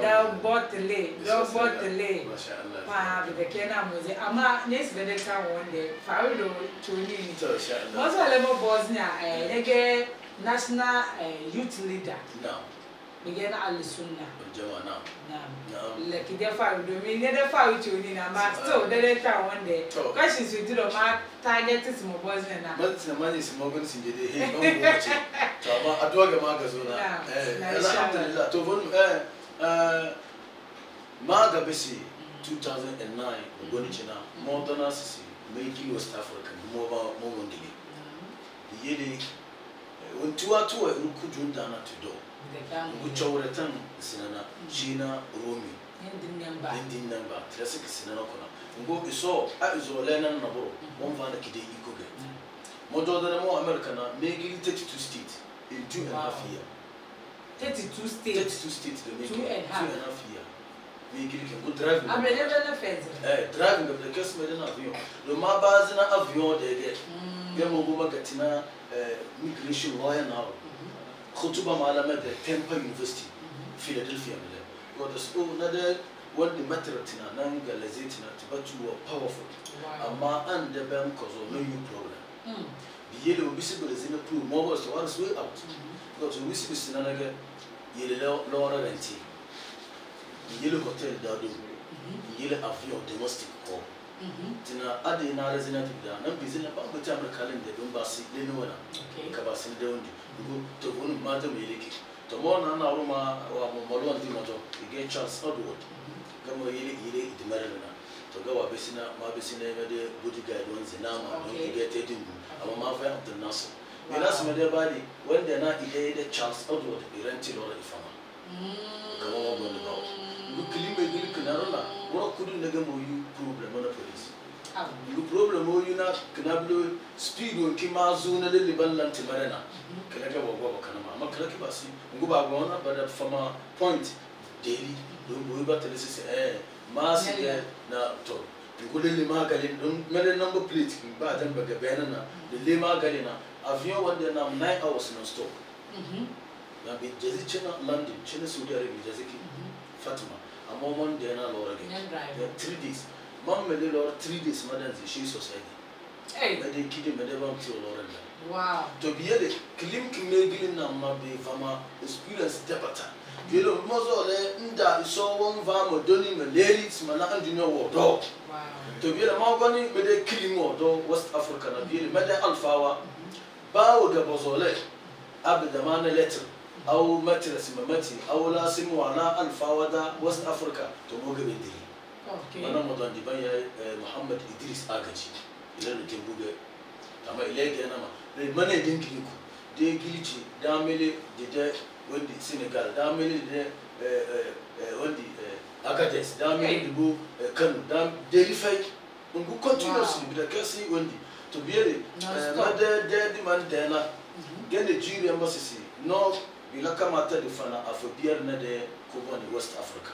dɔw bɔ tele dɔw bɔ tele paa bɛ kɛ na muze ama ne sɛ de ka wɔn de fari do toni mɔzɔn lɛ mo bosnia ɛɛ eh, ne kɛ national eh, youth leader ne kɛ na alisunna lɛki de fari do mi ne de fari toni na ma so de de ka wɔn de kasi su ti do ma target ti mo bosnia na. ma ti na ma ni sima ko ni sinje de he ma wo wɔn ti to a ma ma ka na ɛɛ ɛɛ alhamdulilah to fɔ ɛɛ. Uh, Maga Bisi, 2009, Ogonichina, Modern Sisi, Meiji, West Africa, Mobile, Momondili. The Yedi, when two are two, who could do Sinana, Gina, mm-hmm. Rumi, Ending namba, Tresic Sinana Kona. Ngo iso, a iso lena na boro, mm-hmm. mm-hmm. mo mva na kide ikoge. Mo do da mo America na, me gili 32 state in two and a half years. 32 states 32 states two and half two and a half year make it go drive me abele bele fenze eh driving. me bele kesi mede na avion lo ma bazi na avion de ge ge mo Get mm. in a eh, migration lawyer now mm-hmm. khutuba malama de Temple University mm-hmm. Philadelphia bele go the school na de wanda mataratina nan ga lazetina ta batu wa powerful amma an da ban ka zo no you problem biye lo bisi bele zina pro mo ba to wars way out Because we see this na na ga yele lɔɔre rɛnti yele hotel daadum yele avion domestic kɔ tina adi na resina ti da na bizi na banko ti amurka lin da don basi lini wana ka basi da wundi ko to bunu ma ta mai leke to mo na na ruma wa mo malu an ti mato ige e charles edward mm-hmm. ga mo yele yele idimare na to ga wa bisina ma bisina ya da bodyguard wanzi na ma don ige te dimbu amma ma fa abdul nasir irasima de bali wanda na ile de charles edward iranti lora ifama kama wa bonde ba ngu kilime gili kinarona wura kudu nega mo yu problem na police ngu oh. problem o yu na kinablo speed on kimazu na de liban lanti marena kelaka wa gwa kana ma kelaka basi ngu ba gona ba da fama point daily don boy ba tele sisi eh masi de na to ngu de lima galin don mele number plate ba dan ba ga bayana na de lima galina avion wanda nam nine hours non stop mm-hmm. na bi jazi china london china saudi arabia jazi ki mm-hmm. fatima amma man da na lora ge ya 3 days man me le lora 3 days madan zi shi society eh me de kidi me da bam ti lora da wow to biye de klim kim me gilin na ma be fama experience debata yelo mozo le nda so won va mo doni me ladies ma na andu no wo do wow to biye ma gani me de klim wo do west africa na biye me da alfawa mm -hmm bawo ga bozole abda mana latin aw matras mamati aw lasim wa na alfawada west africa to mo ga bindi wannan mudan diban ya muhammad idris agaji ilan da buga amma ilai ga nama ne mana din kiliku da gilici da mele da da wanda senegal da mele da wanda agades da mele da kano da delifai ungu continuously bi da tobiere mɛdɛdɛ di man dɛn na gɛnɛ jiri ɛmba sisi nɔ bila kama ta di fana a fɔ biyɛri na dɛ kobɔ ni west africa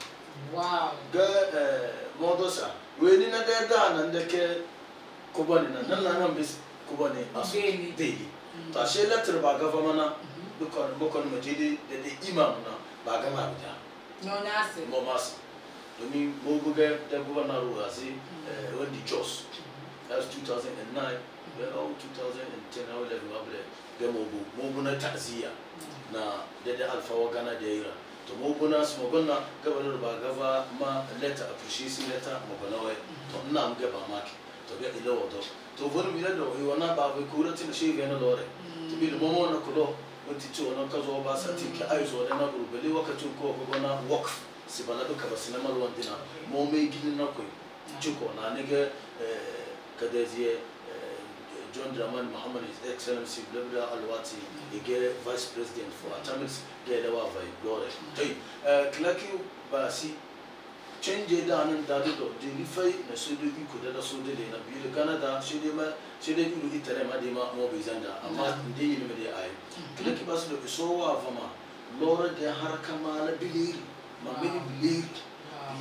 gɛ uh, mɔdɔ sa weni na dɛ daa na dɛ kɛ kobɔ ni na na na mm-hmm. na bɛ kobɔ ni a sɔ deyi to a se lɛtiri ba gafa ma na bɛ kɔni bɛ kɔni ma jeli dɛ imam na bagama gama bi da mɔ maa se domin mo gbogbo dɛ gɔvɛnɛri o a se mm-hmm. uh, o di jɔs that's 2009 da yau 2010 na wale mabule ga mobu mobu na ta'ziya na dada alfawa gana da yira to mobu na su mobu na gaba da ba gaba ma leta appreciation leta mobu na wai to ina mu gaba ma ke to ga ilo wato to vori mi da yi wana ba bai kura tin shi ga na lore mm. to bi momo na kulo wanti ci wannan ka zo ba sa ti ki ai zo da na gurbali wakacin ko ko na wakf si bana duka ba sinamar wandina mo mai gidin na koi ci ko na ne ga eh kadezije John Dramani Mohammed, His Excellency, Blabla Alwati, Igere, Vice President for Atamis, Gelewa Vaigore. Klaki Basi, canje da nan da da da da ni fai na su da iko da da su da da na biyu da Canada shi da ma shi da iko da tare ma da ma mo bai zanda amma da yi ne da ai klaki ba su da so wa fama lora da har kama na bilir ma mini bilir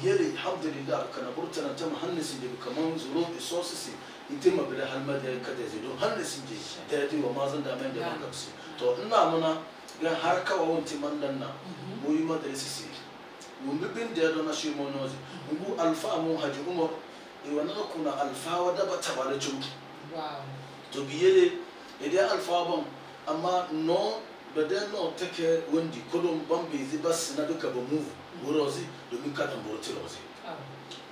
yele alhamdulillah kana burtana ta muhannisi da kaman zuro isosi itin ma halma da ka da zidu har da sinje da ya diwa mazan da mai da ban kapsi to ina muna ga har kawa wanti man na mhm. mu yi madrasa si mun bi bin da na shi mu nozi mu alfa mu haji umar e wannan kuna alfa wa da ba tabare jum to biyele idan e alfa ban amma no ba da no take wandi kodon ban bai ziba sina duka ba mu wuro zi domin kadan borti rozi oh.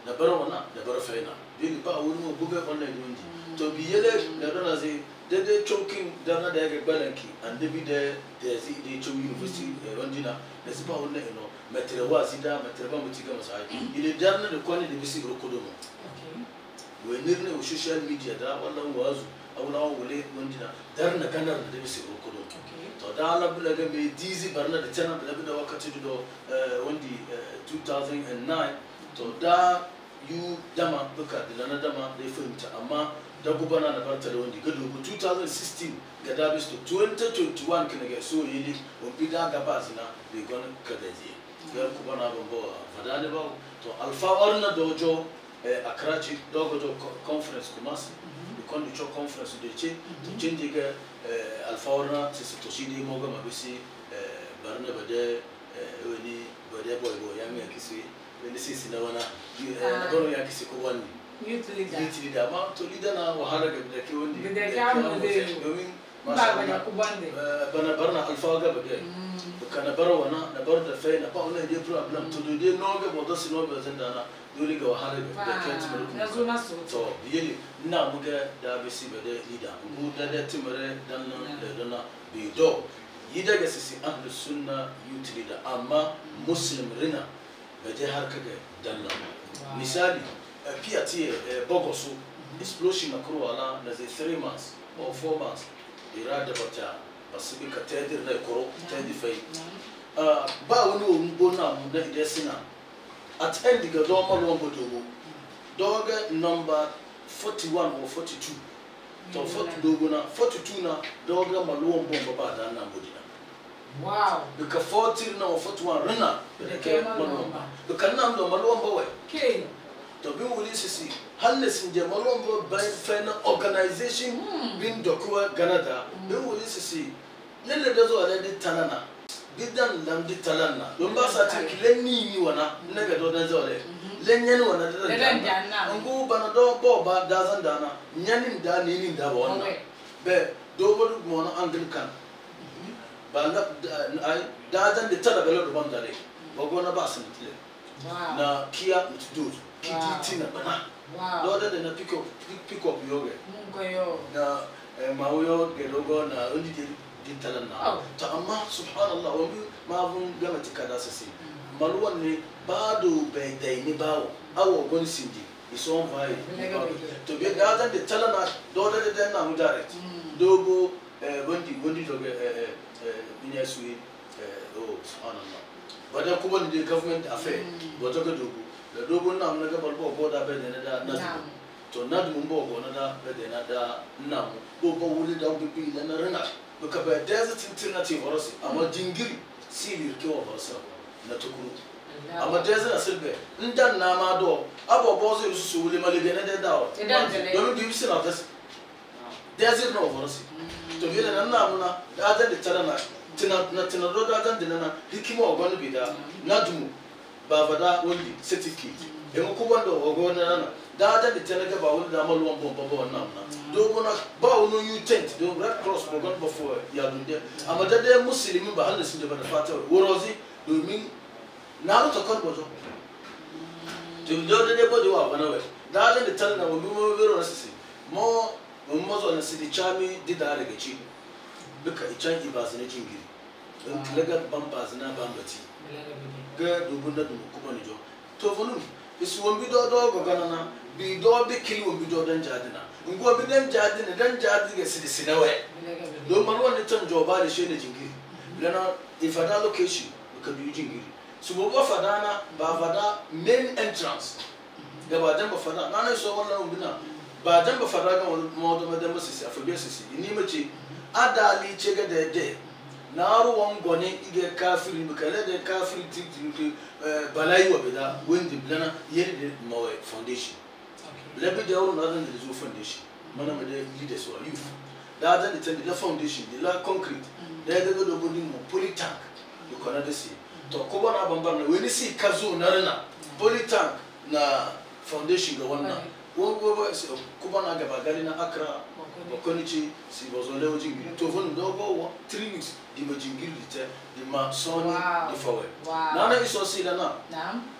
da bar wana da bar faina big ba wo ni ogbó bẹ́ẹ̀ kọ́nà ìlú ndi tòbi yẹlẹ lẹ́dọ́ náà ṣe dédé tsoki dáná dẹ́ kẹ́ gbẹ́ nàkì àndébi dẹ́ dẹ́ si dé tso yunifásitì ẹ̀ ọ́ndínà lẹ́sí bá wo ní ìnọ mẹtẹrẹ wá sí dá mẹtẹrẹ bá mo ti gẹ́ mọ̀sáyé ilé dáná ní kọ́ni de bí si ìró mọ̀ wò nírin ní o social media dá wọn náà wọ́n azu àwọn àwọn wòlé ọ́ndínà dáná nà kánà de bí si ìró dizi barna da tana wakati do uh, 2009 to da you dama baka da na dama da ya fahimta amma da gubana na farta da wanda ga dogo 2016 ga dabis to 2021 kana ga so yi ne wani da ga ba zina bai gona ka gaje ga kubana ban ba fada ne ba to alfawar na dojo eh, a karachi dogo conference kuma su mm-hmm. da kwanducho conference da ce to canji mm-hmm. ga eh, alfawar na sai to shi ne mo gama bisi eh, barna ba da wani ba boy boy ya mai kisi ne sisi na wana eh, ah. nagoro yake siko wani youth leader ma to leader na wahara ga da ke wani da ke amode domin ba ba na kubande eh, bana barna alfa ga ba dai mm. kana bara wana na bar da fai na ba wannan je pro ablam to dai no ga bodo sino ba zan da na dole ga wahara ga da ke timar ku na zo na so to yeli na mu ga da be si ba da mu da da timare dan nan mm. da dana be do yi daga sisi ahlus sunna youth leader amma muslim rina bɛgye ha kɛkɛ misali pia tie bɔgɔ so explosion akoro ala na ze three months or four months ira da bata basu bi ka tɛdir na koro tɛdi fai ba wani wo mbo na mu na ide sina at end ga do ma lo mbo dogo doga number 41 or 42 to 40 dogo na two na doga ma lo mbo ba da na mbo dina Wow. Bika forty na wafutu wa rena. Bika malomba. Bika namdo malomba we. King. Tobi wuli sisi. Hannes nje malomba by friend organization mm. bin dokuwa Canada. Mm. Bi wuli sisi. Lele dozo wale di tanana. Gidan lam di tanana. Lomba sa tiki le ni ni wana. Nega do dozo wale. Le nyani wana dozo dana. Ngu bana do bo ba dazan dana. Nyani nda ni ni nda wana. Be. Dobo du mwana Anglican ba na da zan da tana bela ruban dare ba gona ba sun tile na kia mutudud kititi na bana dole da na pick up pick pick up yoga na eh, ma wuyo ga logo na undi de din talan na oh. to amma subhanallah wa ma bun gama tika da sasi malwan mm. ne ba do bai dai ni bawo awo gon sindi ison vai to be da zan da talan na dole da na mu direct dogo mm. bondi bondi dogo eh, eh, eh binya suwe oh on and on badan kuma ne dai government affair ba ta ga dogo da dogon na amna gabar ba ko da bai da na da to na dum ba ko na da bai da na da na mu ko ba wuri da ku bi na rana ba ka ba da za tintin na ce horosi amma jingiri sirri ke wa horosi na tukuru amma da za silbe in dan na ma do abo bo zai su su wuri mali da na da da domin dubi sina ta da zai na horosi dogele na nna amuna da aza de tara na tina na tina do da de na hikima ogo no bi da na dumu ba vada wondi certificate emu ko wanda ogo na na da aza de tara ga ba wondi da malu wambo baba wanna amuna do ko na ba wono you tent do red cross mo gon before ya dunde amada de muslimin ba halu sun de ba da fata worozi domin na ruta kan bozo to do de wa bana we da de tara na wo na sisi mo mun mazo na sidi chami dida daga ci duka ican ibazu na jingiri don tilaga ah. bambazu na bambati ga dubun da dubu kuma ni jo to funun isi won bi dodo gogana na bi do bi kili won bi do dan jadina ngo bi dan jadina dan jadi ga sidi sinawe don man wannan can joba da shi ne jingiri lana ifada location ka biyu jingiri su bobo fada na ba fada main entrance da mm-hmm. ba dan ba fada na ne so wannan ubina ba jamba faraga modo madama sisi afabiya sisi inima ada ali ce ga da de na ruwan gone iga kafiri ba kare da kafiri titin ke eh, balai wa bida windi blana yeri de mawe foundation lebi da wuri na zan da foundation mana mu da leaders wa youth da zan da tan da foundation da la concrete mm. da ya daga dogo din mu politank da kona da si mm. to ko ba na bambam na wani si ka zo na rana mm. politank na foundation ga wannan kubana gabagali na akra bakonici si bozole o jingiri to fon do go 3 weeks di ma jingiri di te di ma son di fawe na na iso si na na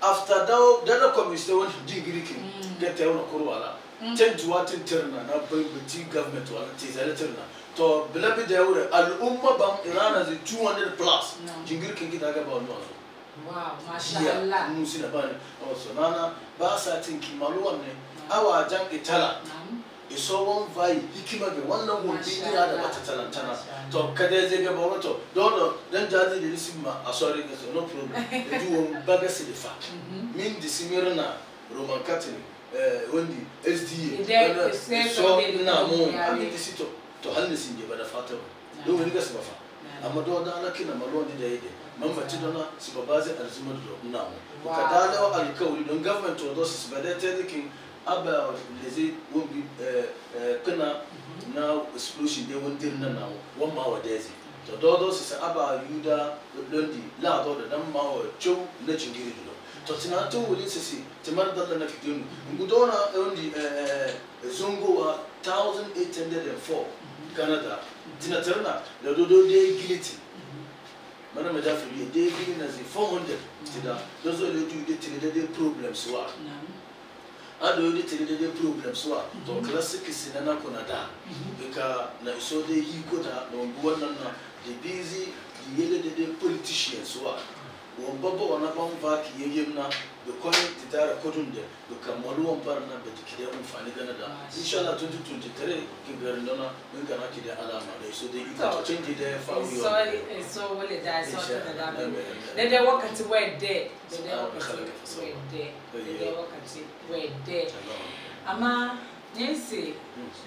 after da dada da commission won jingiri ki gete won ko wala ten tuwa ten terna na bai biti government wala ti zale terna to bilabi da yawre al umma ban irana zi 200 plus jingiri kin gida ga ba wannan wow masha Allah musi da bani o so nana ba sa tin kimalo awa jan itala iso wan vai hikima be wannan gobe ne da mata talantana to kada zai ga ba to dodo dan jazi da risim ma a sorry ga no problem du won baga silifa mhm. min na roman catholic eh wandi sda so na mu ami disito to halne sin je bada fata do wani ga sabafa amma do da na kina malo da yake man fati do na sibaba zai arzuma do na mu ka dalawa alkawli don government to do su sibada ta dikin aba lezi wongi eh, eh, kana na explosion de won dir nan nawo won ma wa dezi to do do sisa aba yuda londi la do da nan ma wa chu na chingiri do to tina to wuli sisi timar da na fitinu ngudona ondi eh, zungu wa 1804 canada tina tarna da do do de giliti mana ma da fi de giliti na 400 tida do zo le tu de tida de problems wa ada wani tiri da dai problem suwa to classic si na na kuna da bika na so de yi kuna na wannan na da busy the yele da dai politician suwa wɔn bɔbɔ wɔn aban fa kiyɛ yɛm na bɛ kɔn te taara kɔdun dɛ bɛ ka mɔlu wɔn para na bɛ kidɛ wɔn fa ne gana da inshallah twenty twenty three ke bɛrɛ dɔn na n kana kidɛ ala ma dɛ so de i ka tɔn ti dɛ fa wi yɔ sɔɔri wale da sɔ tɛ da da bɛ dɛ dɛ wakati wɛ dɛ dɛ dɛ wakati wɛ dɛ dɛ dɛ wakati wɛ dɛ ama nyɛ se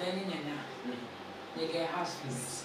ni nana ne kɛ house fees.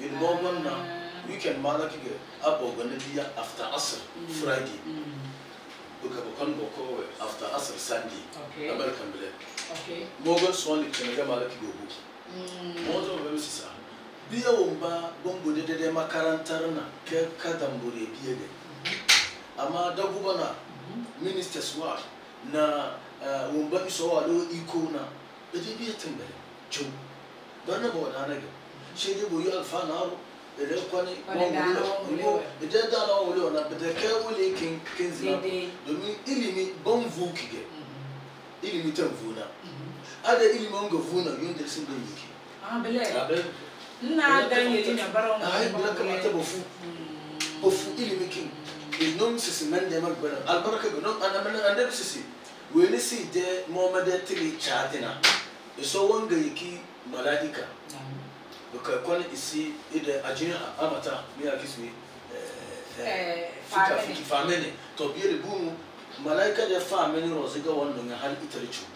involvement ah. na weekend ma na kige abo gane biya after asr mm. friday buka bukan boko we after asr sunday american bile mogon swan ni kene ga mala kige obu mozo we sisa biya umba bongo de de makarantar na ke kadam bore biye de amma da gubana ministers wa na umba iso wa do iko na ede biya tambale jo bana bo na na shede bo yal fanaro ere kwani ko ede da na wole ona bede ke wole kin kin zina domin ilimi bon vuki ge ilimi tan vuna ada ilimi on vuna yunde da sin da yiki ah bele na da yeli na barawo ai bele kamata bofu bofu ilimi kin inom sisi men de mal albaraka go non ana men ande sisi wani si de muhammad tili chatina so wanga yiki malaika because kwan isi ida ajin amata mi a kiswe fika fiki famene to biye de bumu malaika de famene roziga wannan ya hal itarichu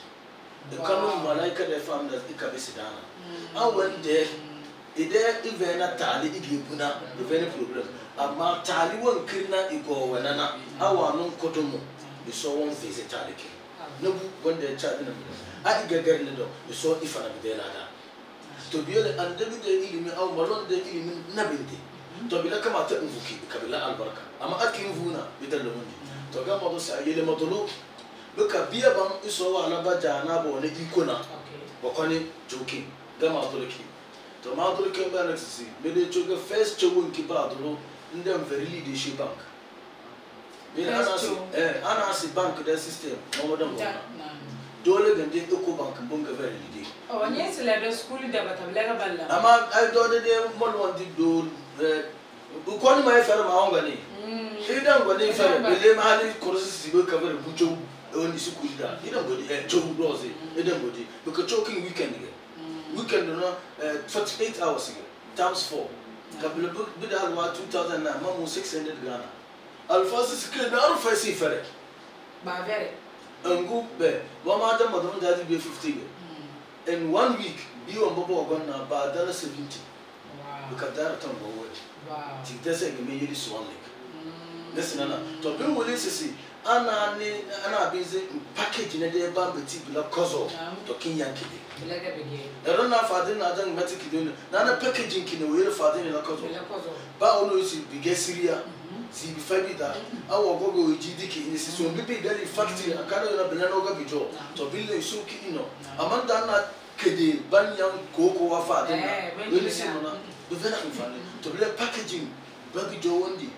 da kanun malaika de fam da ika bisi dana an wanda ida ive na tali ibi buna ive ne problem amma tali wan kirna igo wanana awanun kodomo iso wan fezi tali ke na bu wanda ya cha dina a igagar ne do iso ifa na bidela da to biyole annabi da ilimi aw malon da ilimi nabinte to bila kama ta infuki kabila albarka amma aki infuna bidan da mun to ga ma dosa yele matulu duka biya ban iso wa na baja na ba wani ikona ba kwani joki ga ma tulki to ma tulki ba na sisi me de choga first chowun ki ba dulu ndem very leadership bank bin anasi eh anasi bank da system mo modam dole gande eco bank bunga very leadership onye silere skuli dabatabila ka balla ama ay e, do de de mol wonti do e, ukoni ma fere ma on gani hidan gani fere bele ma hali kursi sibe kabar bucho oni skuli da hidan gani e chow doze hidan gani because choking weekend ge hmm. weekend no e, eight hours ge times four. kabila two thousand 2009 mamu six 600 ghana alfasi sikre na arfa si fere ba vere ngu be wa ma da madon da bi 50 ge in one week biwan baba wagon na ba dala 70 buka dara tan ba wani ti dasa ga mai yiri suwan lake mm. na sinana to bin wuli sisi ana ne ana bin zai in package na dai ba mu ti bila kozo to kin yanke ne ero na fadin na dan mati kidon na na packaging kin ne wuri fadin na kozo ba ono si bige siriya ti bi fa bi da awɔ gɔgɔ o ji di ki ne sisi o bi bi da fakiti a yɛrɛ bɛnna n'o bi jɔ tɔ le so ki nɔ a da na kede baniyan kooko wa fa a tɛ na o ni si nɔ na o bɛ na nfa ne tɔ le packaging bɛɛ bi jɔ wɔn di.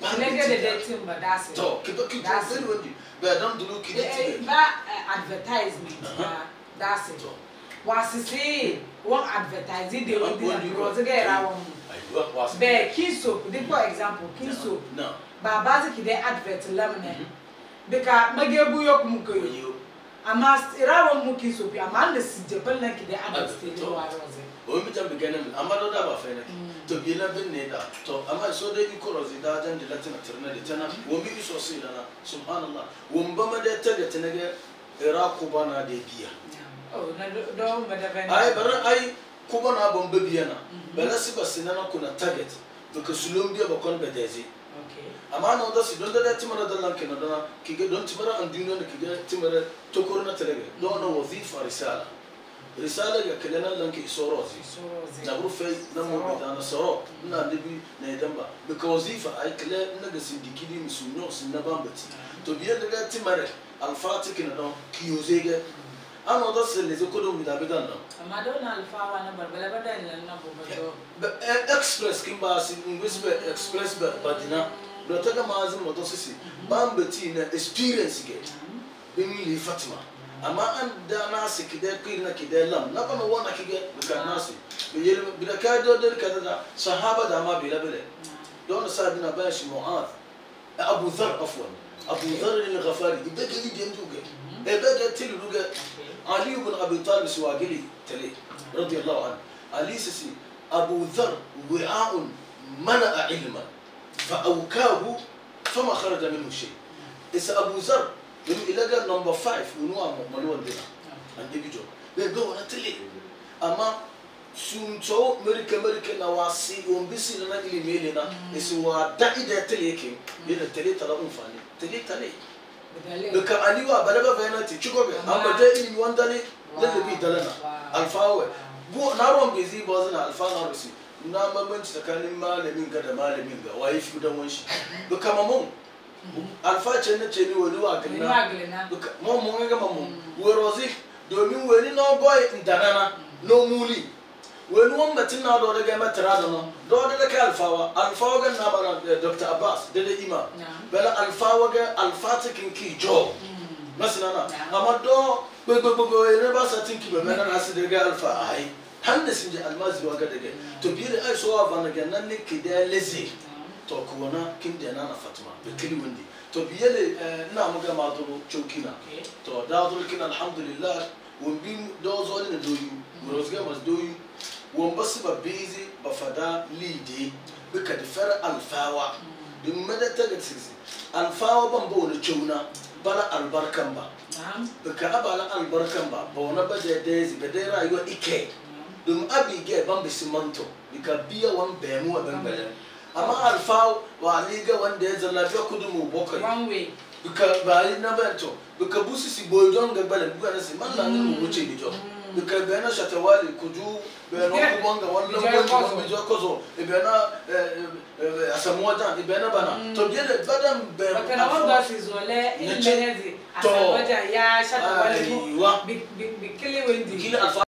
tɔ kibɛ ki jɔ bɛɛ wɔn di bɛɛ dan dolo ki de ti bɛ. ba advertisement daasi wasisi wɔn advertise de wɔn di na wɔn ti kɛ yɛrɛ awɔ mu bẹẹ kin soap de for example kin soap baba ti kide advert lamine mm-hmm. bika magebu yok mu ko yo ama irawo mu kin soap ama ne si je pel na kide advert te wa roze o mi ta bigana ama do da ba fe na mm. to bi na bin ne da to ama so de ikorozi da jan de latin atirna de tana wo mi so si da mm-hmm. subhanallah wo mba ma de ta de tana ge ira ku bana de biya oh na do ma da ben ai bar ai kuba na abom bɛ bia na bɛla si ba si nana kuna target bɛka sulom bia bɛkɔn bɛ dɛzi amma na wanda si don da dati mara dalan ke na dana kige don ti mara an duniya da kige ti mara tokoro na telege don na wazifa risala risala ya kele na lanke isorozi na rufe na mo bi dana soro na libi na idan ba bɛka wazifa ai kele na ga sindikidi musulmi na ban bati ah. to biya da dati mara alfati ke na don kiyozege ana ɔdɔ sɛlɛsɛ kodo mu dabi dan na. amadu na alifa wa ne bari bɛlɛ bɛ da yɛlɛ na bɔ bɛtɔ. bɛ express kin b'a n bɛ se bɛ express bɛ badina bulata ka maa zin sisi ban bɛ experience kɛ mm-hmm. bɛ fatima amma an da na se kidɛ kiri na kidɛ lam na kɔnɔ wɔ na kidɛ bɛ ka na se bɛ yɛlɛ bɛ ka dɔ dɔ ka da sahaba da ma bɛlɛ bɛlɛ dɔn sa bina bɛ si mɔhan abu dhar afwan abu dhar ni ghafari ibɛ kɛ ni den t'u kɛ ibɛ kɛ telilu kɛ. علي بن ابي طالب سواقلي تلي رضي الله عنه علي سسي ابو ذر وعاء منع علما فاوكاه فما خرج منه شيء اس ابو ذر من الى قال نمبر 5 ونوع ملون دينا عند بيجو بيجو انا تلي اما سونتو مريكا مريكا نواسي ومبسي لنا اللي ميلنا اس وادعي ده تلي كي يلا تلي تلا ga aliwa balaga fayana ti chiko be amma te ilimi wandani lalle bi dalana alfawe go na ruwan bai zai ba zana alfa na rusi na bambanci tsakanin malamin ga da malamin ga waye fi dan wanshi duka mamun alfa ce na ce ni wani wa gina duka mamun ga mamun wero zai domin wani na goyi indanana no muli wani wani batin na dole ga mai hmm. tara zama dole da kai alfawa alfawa naba na bara dr abbas da da ima bala alfawa ga alfata kin ki jo masana na amma do gbegbegbo ne ba sa tin ki ba mena na su da ga alfa ai han da sun je almazi wa ga da ga to bi da ai so wa bana ga ne ki da lezi to ko na kin da na fatima da kilmin di to bi yele eh, na mu ga ma kina chokina to da kina kin alhamdulillah won bi do zo ne do yu rozga mas do yu wɔn bɛ se ba beezi ba fada liidi bɛ ka di fɛrɛ alfawa di mɛdɛ tɛgɛ tisi alfawa ban bɔ wani cewna bala albarkan ba bɛ ka a bala albarkan ba ba wani ba jɛ dɛzi bɛ dɛ rayuwa ike dum abi gɛ ban bɛ simanto bi ka biya wani bɛmu wa bɛn bɛlɛ amma alfawa wa aliga wanda ya zalla bɛ kudu mu bɔkari bika baali na bɛ to bika busi si boyi jɔn gɛ bɛlɛ bika na si man na ni mu wuce ni jɔn because bɛna shatawali kuju bɛna kubanga wannan gwanci wani jo kozo bɛna eh, eh, eh, asamuwa jan bɛna bana mm. to biye da badan bɛn bakana wanda si zole in lene zi asamuwa jan ya shatawali bu bikili wendi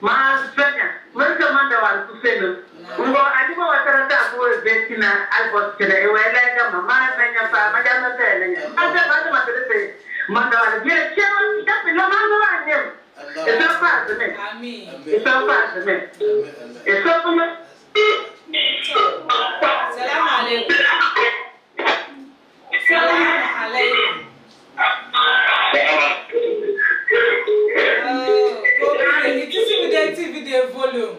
mas fɛnɛ mas ka ma da wari kuse no ngo adi ma wa tara ta ko be tina albo tele e wala ka ma ma na nya pa ma ja na tele nya ma ja ba e e e ma tele te ma da wari bi che no ta pe la ma no wa ne e so pa de me amen e so pa salam alaikum salam alaikum volume.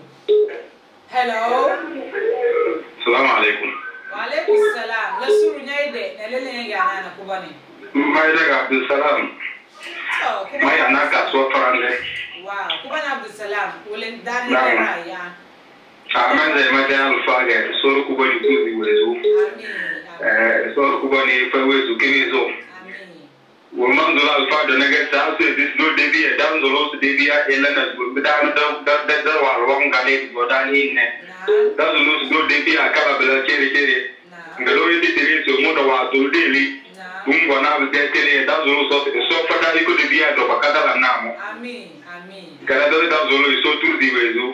Hello. Salaam alaikum. Wa alaikum salam. Na suru nyai de na lele ne ga nana ko bane. Mai daga Abdul Salam. Oh, Mai ana kasuwa farande. Wow, ko bana Abdul Salam. Wulen dani ne ya. Amen da ma da alfa ga solo ku bani ku ni wezo. Amen. Eh solo ku bani fa wezo kini zo. Amen. wommanzola alpha donege sasu e disno debiye danzolo so debiya elenas ɗano dawal wongale go ɗan inne danzolo so ɗo debiya kala bela ceri ceri ngelo yeditiri so muɗo watol deli ɗum gonaɓe detele danzolo so so fadari ko debiya ɗo ko kadala namo gara dare danzolo so turdi weso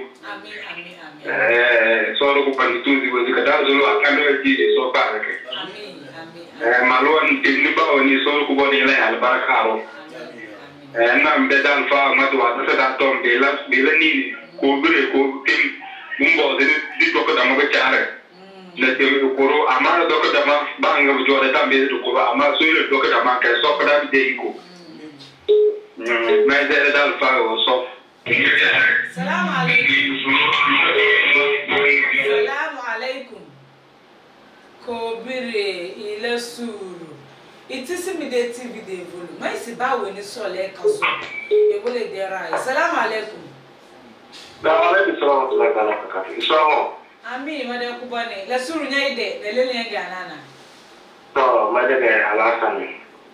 soro ko bandi turdi weso ko danzolo a kanoe jiɗe so barake Eh, malwan ni oni sol ni ilay albarakaro eh, nam be dal fa madu wa sa da tom be bela ni ko dure ko tim mumbo de di doko da mo chaare mm. na te ko koro amara doko da ma banga bu jore tambe to ko amara so ile doko da ma ka so ko da de ko na mm. mm, de dal o so salam alaikum salam alaikum kobire ilé sùúrù ìtísímìdé tv dé ìvolù mẹ́sì báwo ni sọ̀lẹ̀ kan sọ èwo lè dẹ́ra ẹ̀ sálámù alẹ́kùn. báwo lè fi sọ́wọ́n tó lágbára fi sọ́wọ́n. àmì ìmọ̀dé kú bọ́ ni lẹ́sùrù yẹn ìdẹ̀ lẹ́lẹ́ yẹn gà nánà. tọ́ mẹ́tẹ́ kẹ aláṣà mi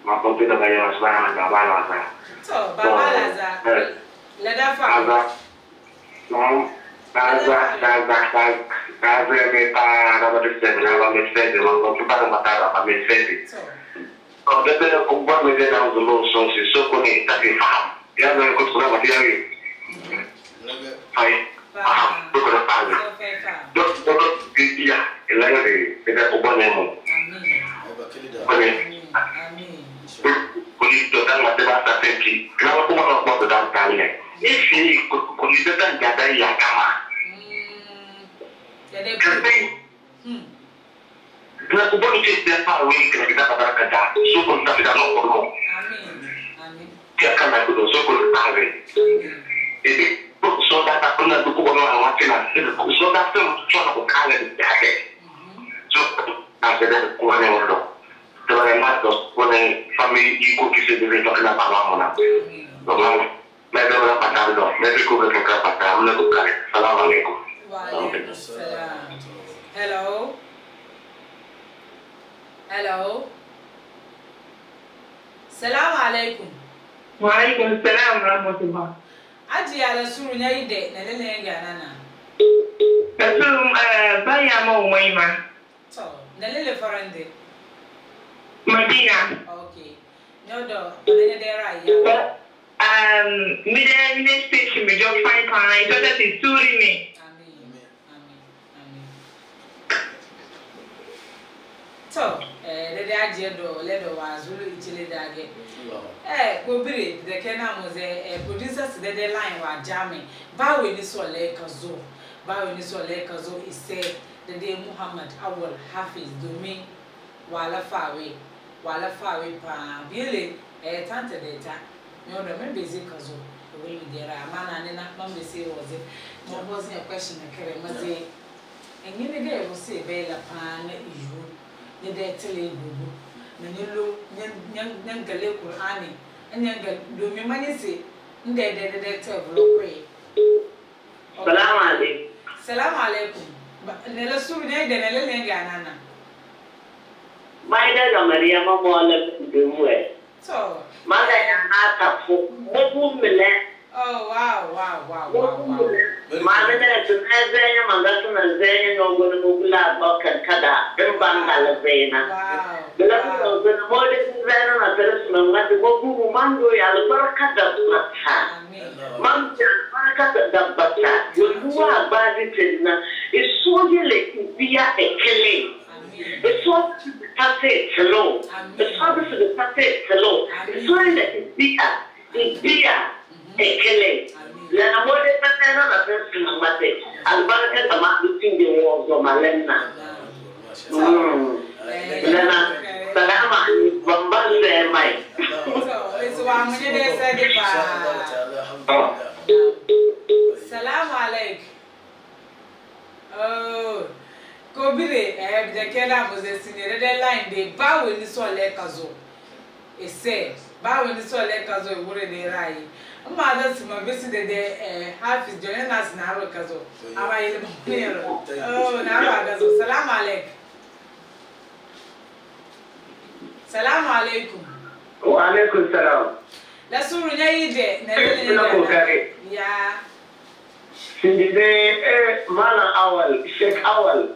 máa kọ́ pé dàgbà yẹn ọ̀ṣun báyìí bàbá làzà. tọ́ bàbá làzà lẹ́dá fà. làzà Kazi amepaa na madaktari na wamefedi wamepata matara wamefedi ndebe kubwa mwenye na uzulo usosi soko ni itaki fahamu yangu ni kutu kama tia hii fahamu kutu na fahamu dodo dodo kidia ilanga ni ndebe kubwa ni mungu kwenye kulito danga tebasa teki na wakuma na kubwa kudang tanya nísìnyí kò ní dada dada yà kama. Bila ko bọ́ọ̀lù tí ìdílé fún àwọn yìí kìlọ̀ kìlọ̀ bàbá kàdá sókò ní tàbí dáná ọ̀pọ̀ náà. Tí a kàn láti lọ sókò ní tàbí. Èdè bó sọ́dá ta kó náà dúkú bọ́ọ̀lù àwọn àti náà ṣẹlẹ̀ kó sọ́dá fẹ́ràn tó sọ̀rọ̀ kó kálẹ̀ ní tàbí. Sọ́kò àti ẹ̀dá kó wọn ẹ̀wọ̀n lọ. Tẹ̀wọ̀n ẹ̀ má lọ wọn ẹ̀ fámi ikú kìí ṣe मैं भी बड़ा पठान का मैं भी कुबे का पठान हम लोग का सलाम वालेकुम हेलो हेलो सलाम वालेकुम वालेकुम सलाम रहमतुल्लाह aji ala suru nya yi de na lele ga na na asuru eh baya mo wai ma to na lele farande madina okay nyodo na lele de ra ya um, mide mide station mi jọ fain paa ìtọ́jà ti túrí mi. tọ ɛɛ dede agye do lɛdɔ wa zulu ikyele de agye eh, ɛɛ kobiri deke na mo zɛ eh, ɛɛ producer si line wa jami bawo ni sɔ lɛɛka zo bawo ni sɔ lɛɛka zo isɛ muhammad awol hafiz domi wala fawe wala fawe paa biele ɛɛ eh, tante de ta yɔrɔ mɛ bɛ se kaso o bɛ yi dɛrɛ a ma na ne na ma bɛ se wɔ se mɛ bɔ se yɛ kɔsi na kɛrɛ ma se ɛnyɛ ne dɛ yɛrɛ se bɛ la paa ne iyo ne dɛ tele gbogbo mɛ ne lo nyɛ nyɛ nyɛ gale kur'ani ɛnyɛ gale domi ma ne se n dɛ dɛ dɛ tɛ bolo ko ye. salamu aleykum. salamu aleykum nɛlɛ subi ne dɛ nɛlɛ ne gana na. maa yi dɛ dɔmɛri yɛ ma mɔ lɛ dugu mu yɛ. Mother na aka fo, bubu mile. Oh wow wow wow wow. Maame na etu na eze enye maga so na eze enye na ogo na ogo la agba kankada mba nka le ze yi na. Bila ko na ogo na mo de si ze na na tere so na nga ti mo bubu mango ya le bara kada ba ta. Mam ja bara kada da ba ta. Yo duwa agba di te na. Isu ye le kubia ekele. Besoin de passer selon. Besoin de se passer selon. Besoin de dire, de dire, et qu'elle est. lana mode pɛtɛ na na fɛn fɛn na mm. Mm. ba tɛ alibarika dama bɛ tin de wɔ zɔmalɛn na lana salama bamba lɛ ma ye. salamu aleykum kobire ɛɛ dɛkɛla mozɛsini ɛdɛ lain de bawo ni sɔlɛ kazo ɛsɛ bawo ni sɔlɛ kazo ewure de ra yi ɔmɔ adɔ si ma bisi de de ɛɛ hafi jɔnye na si n'aro kazo awa yɛlɛ ma ne yɛrɛ ɔɔ oh, n'aro agazo salamu alek salamu aleikum. wa aleykum salam. lasuru nye yi de na ɛdɛ ne yɛrɛ ya. sindide ee mana awal sheik awal.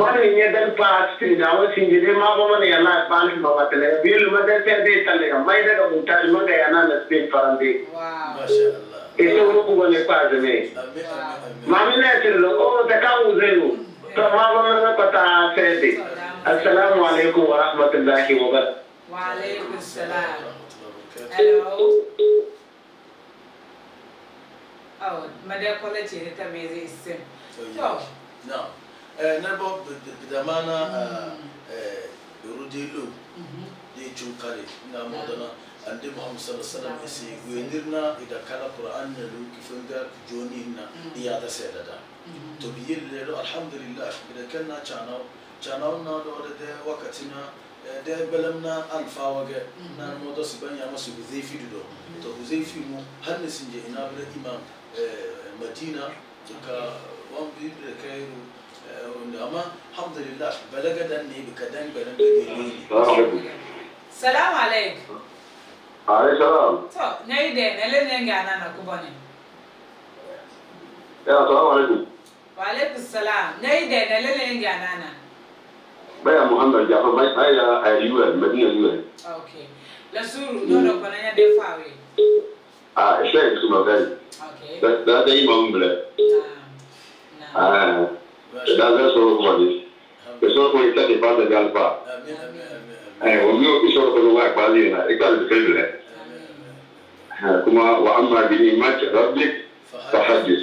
మనం ఇంకేదని పాస్టింగ్ ఆలోచించింది మా బొమ్మని ఎలా పాలిసిన మాత్రలే వీళ్ళు మధ్య చేస్తాను అమ్మాయి ఉంటారు మంగా ఎలా నచ్చింది పరంది ఎటు ఊపుకొని ఓ ఉదయం మా కొత్త అస్సలం nebɔ bidamana erudilo de cunkare na modana ande muhammad sallallahu alaihi wasallam ese wendirna ida kala qur'an na lu kifunga joni na mm. iya da sedada mm-hmm. to biye lelo alhamdulillah bida kanna chana chana na do de wakatina de eh, belamna alfa wage mm-hmm. na modo siban ya masu huzaifi do mm-hmm. to huzaifi mu har ne sinje ina bada imam eh, madina ka wan bi da kairu kulle amma alhamdulillah balagadan ne bi kadan balan gade ne salamu alaikum ayi salam to ne ide ne le ne ga na na kubone ya salamu alaikum wa alaikum salam ne ide ne le ne ga na na baya muhammad jafar mai aya a un madina un okay la suru do do kona nya de fawe ah sheikh sumagani okay da da imam bla ah ah لازم شروط ماليش الشروط ما يتلاتي بعد اللي قال بعض ايوه ومنو شروط الواقع علينا قال بخير كما واما بنعمه ربك فحدث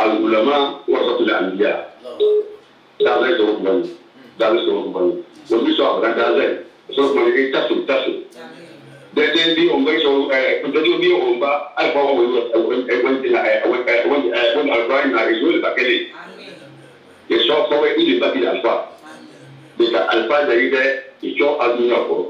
العلماء ورثه الانبياء لا ليس ركبا لا ليس ركبا ومن شعب لا زي شروط ماليش تصل تصل daidai biyan bai sau daidai biyan ba alfa wani wani wani wani alfa na israel ba kele Yeshua kɔkɔ i de ba bi alifa de ka alifa yɛrɛ bɛ ijɔ adunya kɔrɔ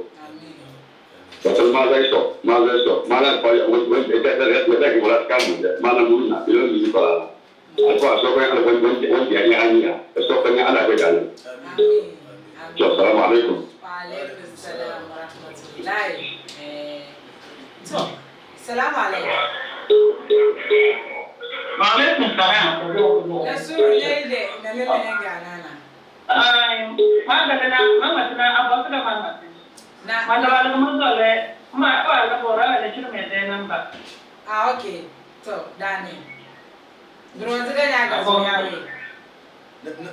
parce que maazɛ sɔ maazɛ sɔ maazɛ fa wɛrɛ k'i wala kan mun dɛ maazɛ mun na i bɛ mun fa alifa sɔkɔ ala ko ko ko tiɲɛ ni an yira sɔkɔ ni ala Maaleykum salaam. Na suru leide na lele ne ganana. Ai, ma daga na mama tana abba da mama. Na ma da wala mun dole ma ko ala ko rawa da shirin mai dai nan ba. Ah, okay. To, dani. Duro daga ya ga zuwa ne.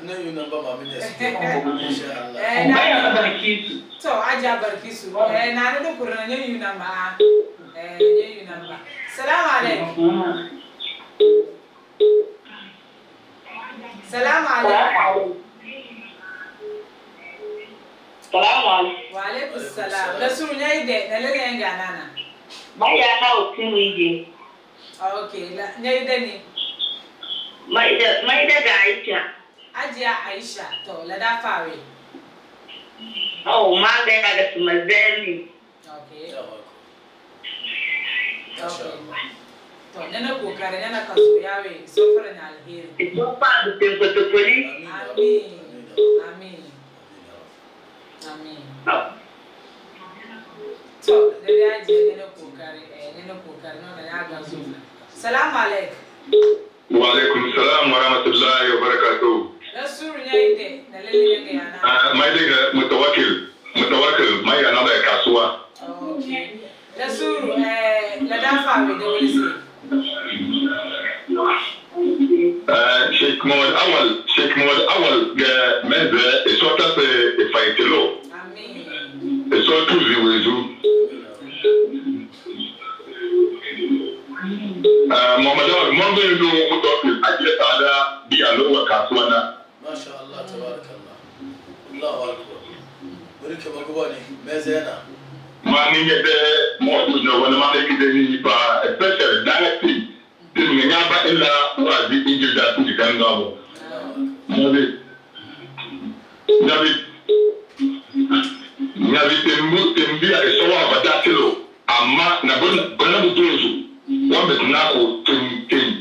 Na yi nan ba ma mini su. Eh, na ya barki su. To, aja barki su. Eh, na da kurna ne yi nan ba. Eh, ne yi nan Salamu alaikum. Mm. salamu alaikum salamu alaikum wa alaikum salam na suru nyai de na lele nga nana ma ya na otinu ide ah, okay la nyai de ni ma ide ma ide da aisha ajiya aisha to la da fawe oh ma de na da sumazeni okay okay to nyana kokari nyana kaso yawe sofara na alheri isofa dutekotokoli amin amin amin to dede aje nyana kokari nyana kokari nona ya ga zuma eh, salam alaikum wa alaikum salam wa rahmatullahi wa barakatuh nasuru nyaide na lele yanga yana ah, mai daga eh, mutawakkil mutawakkil mai yana da kasuwa okay nasuru eh ladafa mai da wani sai شيخ محمد أول شيخ محمد أول ماذا سوطة فايتلو سوطة زيوزو محمد أول منذ يدوم مدوك أجل تعالى بيالو وكاسوانا ما شاء الله تبارك الله الله أكبر بركة مقبولة ما زينا ma ni nye dɛ mɔgɔ tu wɛrɛ ma ne de ni ba especially de nya ba wa di da nyabi nyabi nyabi tembi tembi a a ba da na bɛ bɛnɛ bi to zu wɔn bɛ tena ko tem tem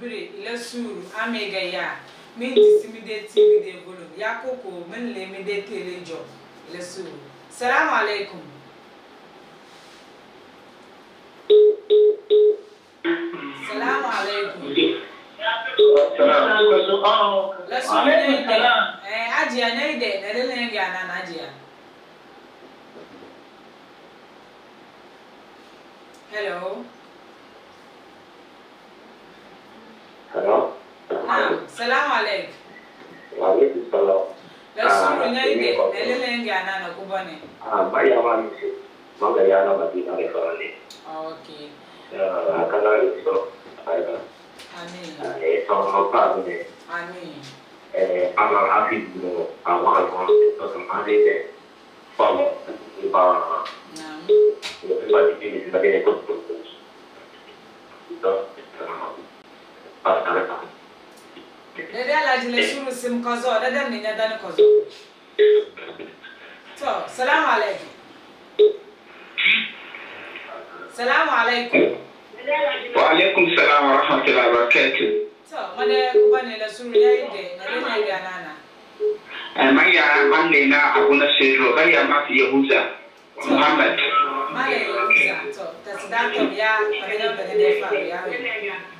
biri ila suru ame ga ya min disi mi de ti mi de bolo ya koko min le mi de tele jo ila suru salamu alaikum salamu alaikum la suru ne de eh ajiya ne de na de ne ga na na hello Hello? Naam, ah, salamu alaikum. Ah, ah, wa alaikum salam. Lasuru nyenge, nelelenge anana kubone. Ah, baya wani. Manga yana madina ne kawani. Okay. Ah, kana so. Aiba. Amen. E eh, so no padre. Amen. Eh, ama hafi no awa no to to mare de. Famo. Iba. Naam. Iba di ni, iba di ni ko. Então, Dede alaji le shuru sim kozo, dede mninya dani kozo. To, salamu alaikum. Salamu alaikum. Wa alaikum salam wa rahmatullahi wa barakatuh. To, mane kubane la shuru ya ide, na dena ide anana. Eh, maya mande na abuna sirro, maya mafi Yahuza, Muhammad. Maya Yahuza, to, tasidakam ya, maya maya maya maya maya maya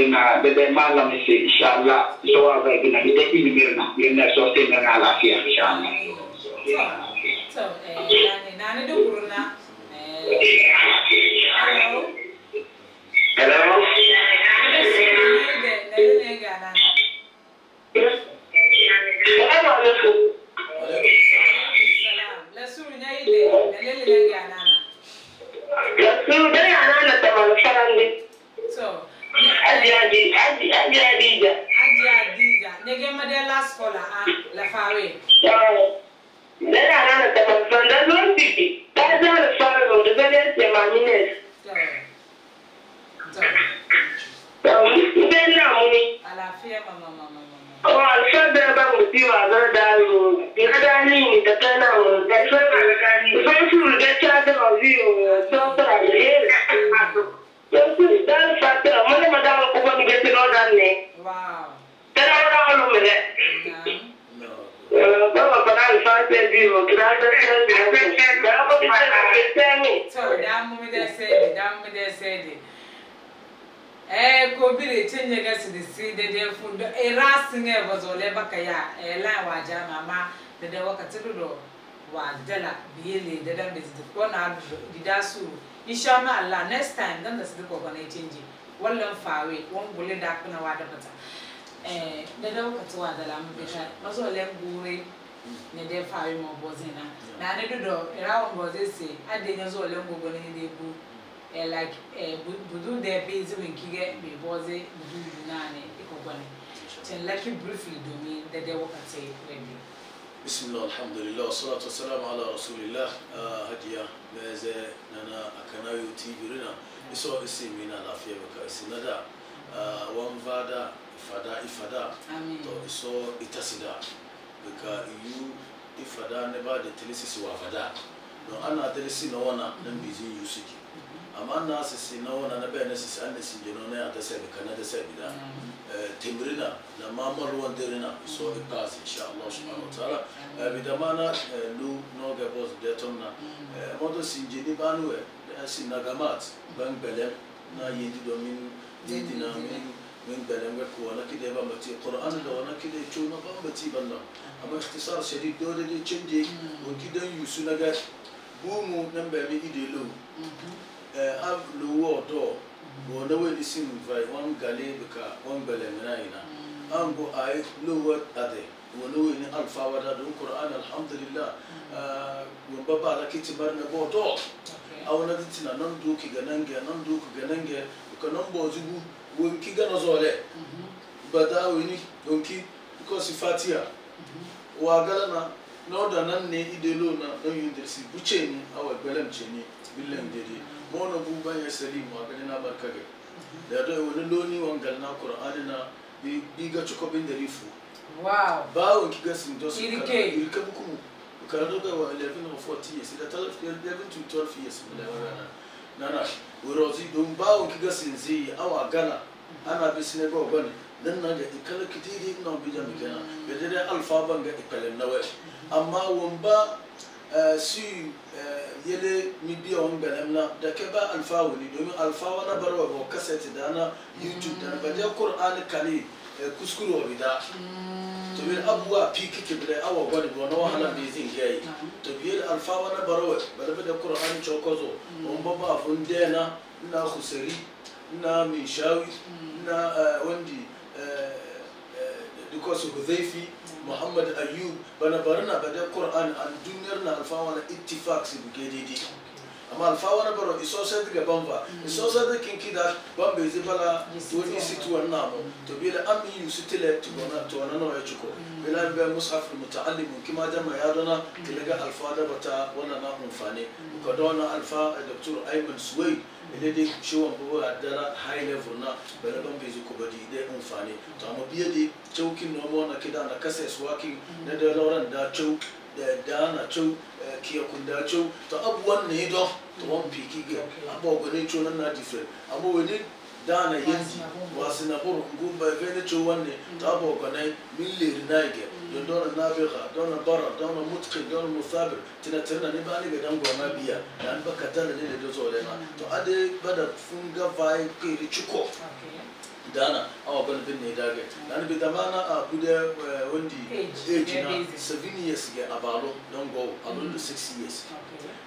ina bɛbɛ ma lamɛn se inshallah sɔgɔ bɛ bina i tɛ i ni miiri na miiri na sɔ se na n'a lafiya inshallah. So Haji Haji Haji Haji Hadija. Haji Hadija. Nege mede last caller ah la fawe. Yo. Then I ran the phone. That's one fifty. That's not a fawe. The better is my minutes. Bẹ́ẹ̀ náà mú ni. Àlàáfíà màmá màmá màmá. Ọ̀ àlùfẹ́ bẹ́ẹ̀ bá mo bí wà lọ́ọ́ dáa o. Ìkádá ní ìdẹ́gbẹ́ náà o. Ẹ̀fẹ́ ìfẹ́ fúru dẹ́kí á dẹ̀ ọ̀ bí o. Ẹ̀fẹ́ ọ̀tọ̀ àgbẹ̀ yé. Yóò fún ìdá ìfàtẹ̀ ọ̀ mi jesi no dan ne tena wala holu mi de baba bana ni fa se bi o kira se se bi o se se da ko ti se se se mi to da ko bi de chenye ga si de fun do e ra bozo le bakaya e la wa mama de wakati do wa dala biyele de da mezi ko na di da su inshallah next time dan da su ko na change wallan fawe wan gule da kuna wa da bata eh da da wakati wa da lamu bisha maso le gure ne de fawe mo bozina na ne do era wa boze se ade nya zo le ngogo ne de bu eh like eh budu de be zi wen kige be boze budu na ne ikogone ten lucky briefly do me da de wakati we be بسم الله الحمد لله والصلاة والسلام على رسول الله هدية مازا نانا أكنايو تي جرنا nso esi mi na alaafee mi ka esi na da wɔn va da ifada ifada tɔ nso itasi da mi ka iyu ifada ne ba de tele sisi wa fada no ana tele si na wɔna na mi zi yu si ki ama ana sisi na wɔna na bɛyɛ na sisi ana si gyina na yɛ adasɛ mi ka na adasɛ mi da tembiri na na maamaru wɔn deri na nso ipaasi insha allah subhanahu wa taala bidamana lu n'oge bɔs dɛtɔn na mɔdɔ si gyeni ba nu yɛ sinagamat ban gbɛlɛm na yendi dɔ min yendi na min min gbɛlɛm bɛ ko wala kide ba mati qur'an da wala kide co na ba mati balla amma ikhtisar shadid dɔ de de cende o kidan yusu naga bumu nan bɛ mi ide av lo wo wɔn dɔwɔ yi si nfa yi wɔn gale bika wɔn bɛlɛmina yi na an ko a ye lowa ade wɔn dɔwɔ ni alfa wada don kɔrɔ an alhamdulilah uh, wɔn ba ba ala kiti bari na bɔ dɔ awo na ti na nan do mm-hmm. ki ganan gɛ nan do ki ganan gɛ ka nan bɔ zugu wɔn ki gana zɔlɛ bada wɔn ni wɔn ki kɔsi fatiya wa gala na n'o da nan ne idelo na n'o yi dirisi bu cɛ ni awo gbɛlɛm cɛ ni bi lɛm mm-hmm. dede. bona buba ya salimu salim wa kadina barkage da ya do wani loni wangal na kur'ani na biga cikobin da rifu wow bawo kiga sin to su irke irke buku kala do ga 11 or 14 years da 12 to 12 years da wana nana wurozi don bawo kiga sin zi awa gana ana bi sine ba bane dan na ga ikala kitiri na bi jami mikana be da alfa ban ga ikalen nawe amma wamba eh, su eh, yele mi biya wani ganem na da ke ba alfawo ne domin alfawo na barwa ba kasete da dana. youtube da ba je qur'ani kale eh, kuskure wa bida mm. to bil abuwa fi kike bida awa gwadi ba na wahala mm. bai zin yayi to bil alfawo na barwa ba da da qur'ani chokozo mm. on ba ba fun dena na khusari na min shawi na wandi eh, eh, duka su huzaifi muhammad ayub bana barna bade qur'an an duniyar na alfawana ittifaq si buke didi amma alfawana baro iso sai daga bamba iso sai da kinkida bamba izi bala wani situ wannan mu to bi la am yu sitile to bona to wannan ya ciko bila bi mushaf mutaallim kima da ma yadona tilaga alfa da bata wannan na mun fane ko dona alfa dr ayman suwaid ele de cewa ko a dara high level na bana ban bezu ko badi de amfani to amma biye de chaukin no mo na kida na kasa swaki na da lauran da chau da da na chau eh, kiya da chau to abuwan ne do to wan piki ga abo gane chau na different amma wani dana hinzi wasina kuru gumba vene chowanne tabo kanai milleri naige don dona nafiqa dona bara dona mutqin dona musabir tina tina ni bani ga dango ma biya dan baka tana ne da zo lema to ade bada funga vai ke chuko dana awa bana bin ne dage nan bi da mana a kude wandi age na 7 years ge abalo don go abalo 6 mm. years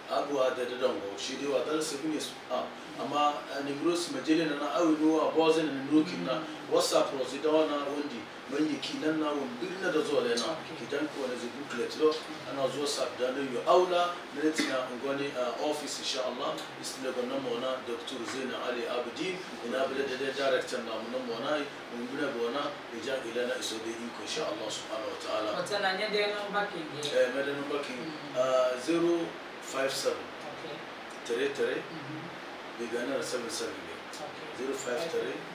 abu a da don go shi dai wa da 7 years a ah, amma eh, nimros majele na na awu no a bozin na nukin mm. na whatsapp rozi da wana wandi when you kill na won birna da zo da na kidan ko da zubu kletro ana zo sabda da yo aula ne tina ngoni uh, office insha Allah isne ko na mona dr Zaina Ali Abdi ina bala da director na mun mona mun bula bona da ja ila na iso da iko insha Allah subhanahu wa ta'ala wata eh, mm-hmm. uh, mm-hmm. na ne da number ki eh me da number ki 057 okay tare tare bigana 77 053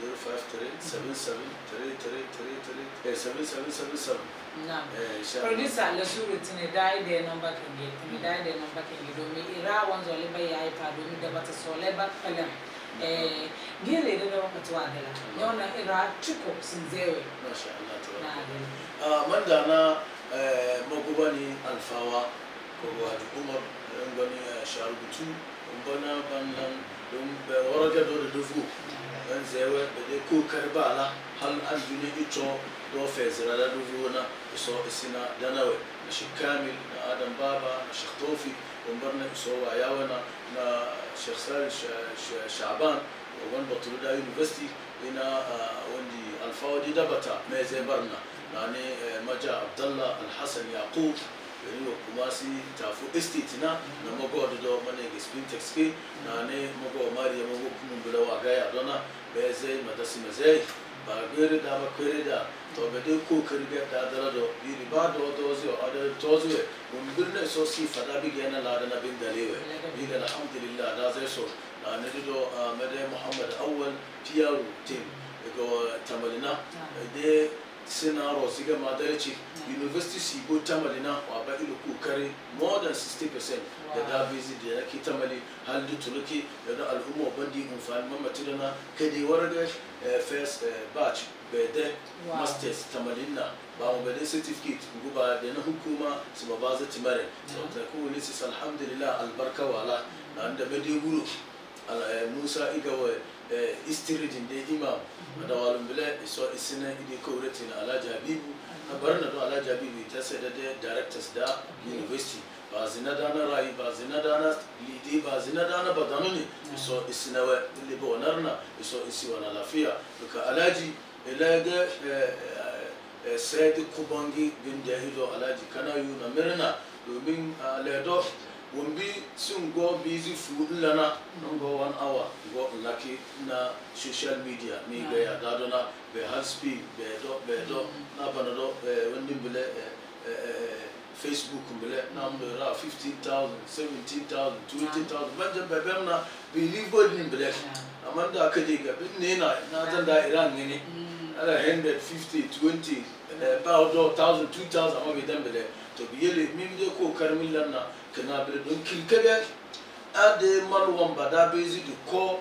zero five three seven seven three three three three eh seven seven seven seven. Naam. Mm-hmm. Eh, producer Lasuru tini dai de number kingi tini dai de number kingi domi ira wanzo leba ya ipa domi debata so leba kalam. Eh, gile ndio wakati wa dela. Niona ira chuko sinzewe. Masha Allah tabaraka. Ah, mandana eh mogobani alfawa ko wa Umar ngoni eh, sharubutu mbona banlan dum be waraja do do fuku. nzewe bede kukar bala hal arjuni ito do fezira da duvuna iso isina danawe na shi kamil na adam baba na shi tofi umbarna iso wa yawana na shi salih sha'ban وان بطلودا يونيفرسيتي هنا وندي الفاودي دبتا ميزي برنا يعني مجا عبد الله الحسن يعقوب no kumasi tafu estate na na mɔgɔ dodo mana ke spin taxi na ne mɔgɔ mari ya mɔgɔ kuma bila wa gaya dona beze madasi mazai ba gere da ba kere da to be de ko kere ga da dara do biri ba do dozi o ada tozi we mun birne so si fada bi gena la da na bin dalewe bi da alhamdulillah da zai so na ne do mede muhammad awwal tiyaru tim go tamalina de senaro siga madarici university sibo tamale na waba ilo kokari more than 60% da da bezi da yake tamale hal da tuluki da da al'umma bandi umfani mamati da na kade warga first batch bede masters tamalin na ba mu bade certificate guba da na hukuma su ba ba zati mare ta ku ne alhamdulillah albarka wala da da bade guru Musa Igawa Eh, istiridin da ima da walun bila iso isina ide kowrati na alhaji habibu na bar na don alhaji habibu ta sai da directors da university ba zina da na rayi ba zina da na lidi ba zina da na badano ne iso isina wa liba wanar na iso isi wana lafiya duka alhaji ila ga eh, eh, sai da kubangi bin da alhaji kana yi na mirna domin ledo wombi sun go busy food lana mm. non go one hour go lucky na social media mi ga ya gado na be hard speak be do be do mm. na bana do wendi bile facebook bile mm. na mdo ra 15000 17000 20000 banje be bem na believe god ni bile amanda akade ga bin ne na na zan da iran ne ne ala 150 20 ba do 1000 2000 ma be dan bile to biyele mi mi ko karmin lana tenabere don kirkege ade maluwan bada bezi de ko uh,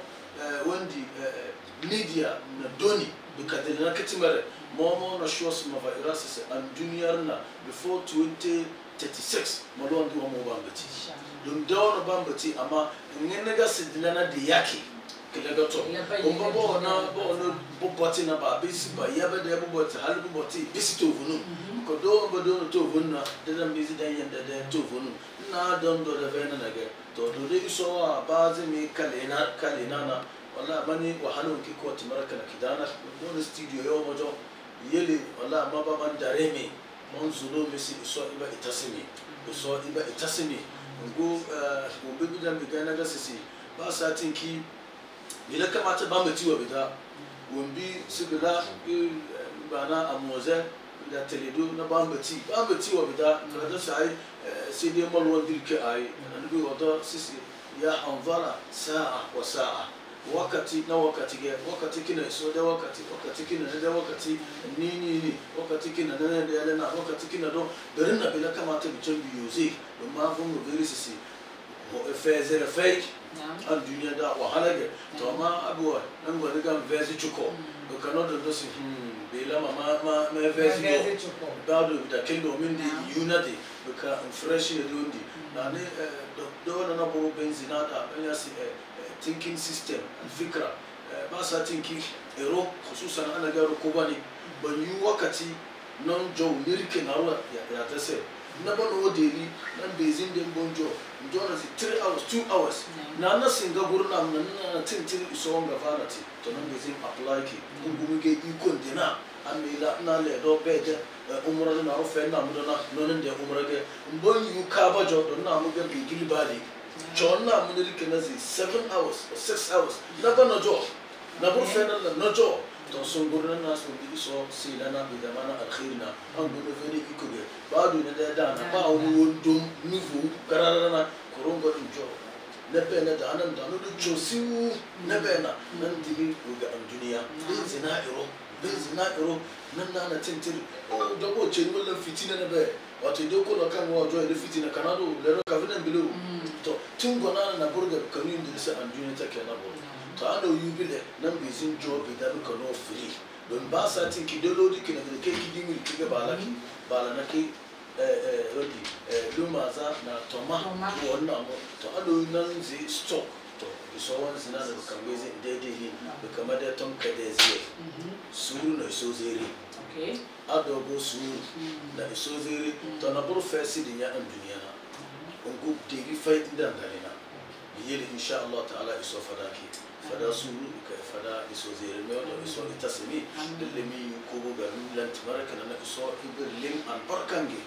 eh, wendi uh, eh, na doni bikadeli na kitimere momo na shos mava irasese an duniyar na before 2036 maluwan di wamo bambati don dawo na bambati amma ngene ga sidina na de yake kɛlɛkɛ tɔ bɔnbɔ bɔɔ na bɔɔ na bɔbɔti na ba bisi ba yaba dɛ bɔbɔti hali bɔbɔti bisi t'o vunu kɔ dɔw bɛ dɔw t'o vunu na dɛdɛ bisi dɛ yɛn t'o vunu na don do da fena na ga to do dai so wa ba zai mi kalena kalena na wala bani wahalo ki ko timarka na kidana don studio yo mojo yele wala ma ba ban dare mi mon zulo mi si so iba itasimi so iba itasimi ngu eh, go bi bidan mi ga na ga sisi ba sa tin ki bila kamata ba mu ciwo bida wombi sigila eh, bana amoze da teledo na bambati bambati wa bida kada sai e, sai dai mal wan dilke ai annabi wada sisi ya hanzara sa'a wa sa'a wakati na wakati ge wakati kina iso da wakati wakati kina na da wakati ni ni ni wakati kina na na da na wakati kina don garin na bila kamata bi can biyu don ma fun mu gari sisi fezere fake an duniya da wahala ge to amma abuwa nan gwada gan vezi chuko ka no da dosi hmm bela ma ma ma ma vezi no bado bitakendo mindi unity bika um, fresh ya dondi na ne eh, do na na bo benzi na da anya si eh, eh, thinking system fikra ba sa thinking ero khususan ana ga rukubani ban yi wakati non jo nirke na ruwa ya ta se na ba no deli nan bezin den bonjo jona si 3 hours 2 hours mm. na na singa mm. gurna na tin tin iso wanga fara ti to nan bezin apply eh, ki gumu ge ikon dina amila na eh, eh. le do beje umra na ro mm. fe na mudona nonin de umra ge mbon yu ka ba jo don na mu ge bi gilbali jon na mu ne ke na 7 hours or 6 hours na ba no jo na bur fe na no jo tonson gurnan na ko bi so silana bi zamana alkhirna an gudu fere iko be ba du ne da na ba won wondum nivu kararana korongo dum jo ne be ne da nan da no du jo siwu ne be na nan dibi ko ga an duniya din mm. zina iro din zina iro nan na na tintir o da ko ce ni wallan fitina ne be wato idan ko kan wa jo ne fitina kanado le ro ka finan bilo mm. to tun gona na burga kanin din sa an duniya ta kenan bo mm tɔa na oyi bi lɛ na mbɛ zi dzo bi da bi kɔnɔ ofiri don baasa ti ki de lori kene kene ke ki di mi ki baala ki mm-hmm. baala na eh, eh, eh, ki ɛɛ ɛɛ ɔdi ɛɛ lomaza na tɔma wɔn na mo tɔa na oyi na nzi stɔk tɔ isɔwɔn zi na zɛ kama ezi dɛɛdɛ yi bɛ kama dɛ tɔm kɛdɛ zi mm-hmm. yɛ mm-hmm. suuru na iso zeri adɔbo suuru na iso zeri tɔnaburu fɛ si de nya ndunya na onko deri fɛ ndandari na yeli insha allah ta'ala isɔ fadaki. fada sulu ka fada iso zere me wala iso itasimi lalle mi ko ga lan tabaraka na iso ibirlim albarkange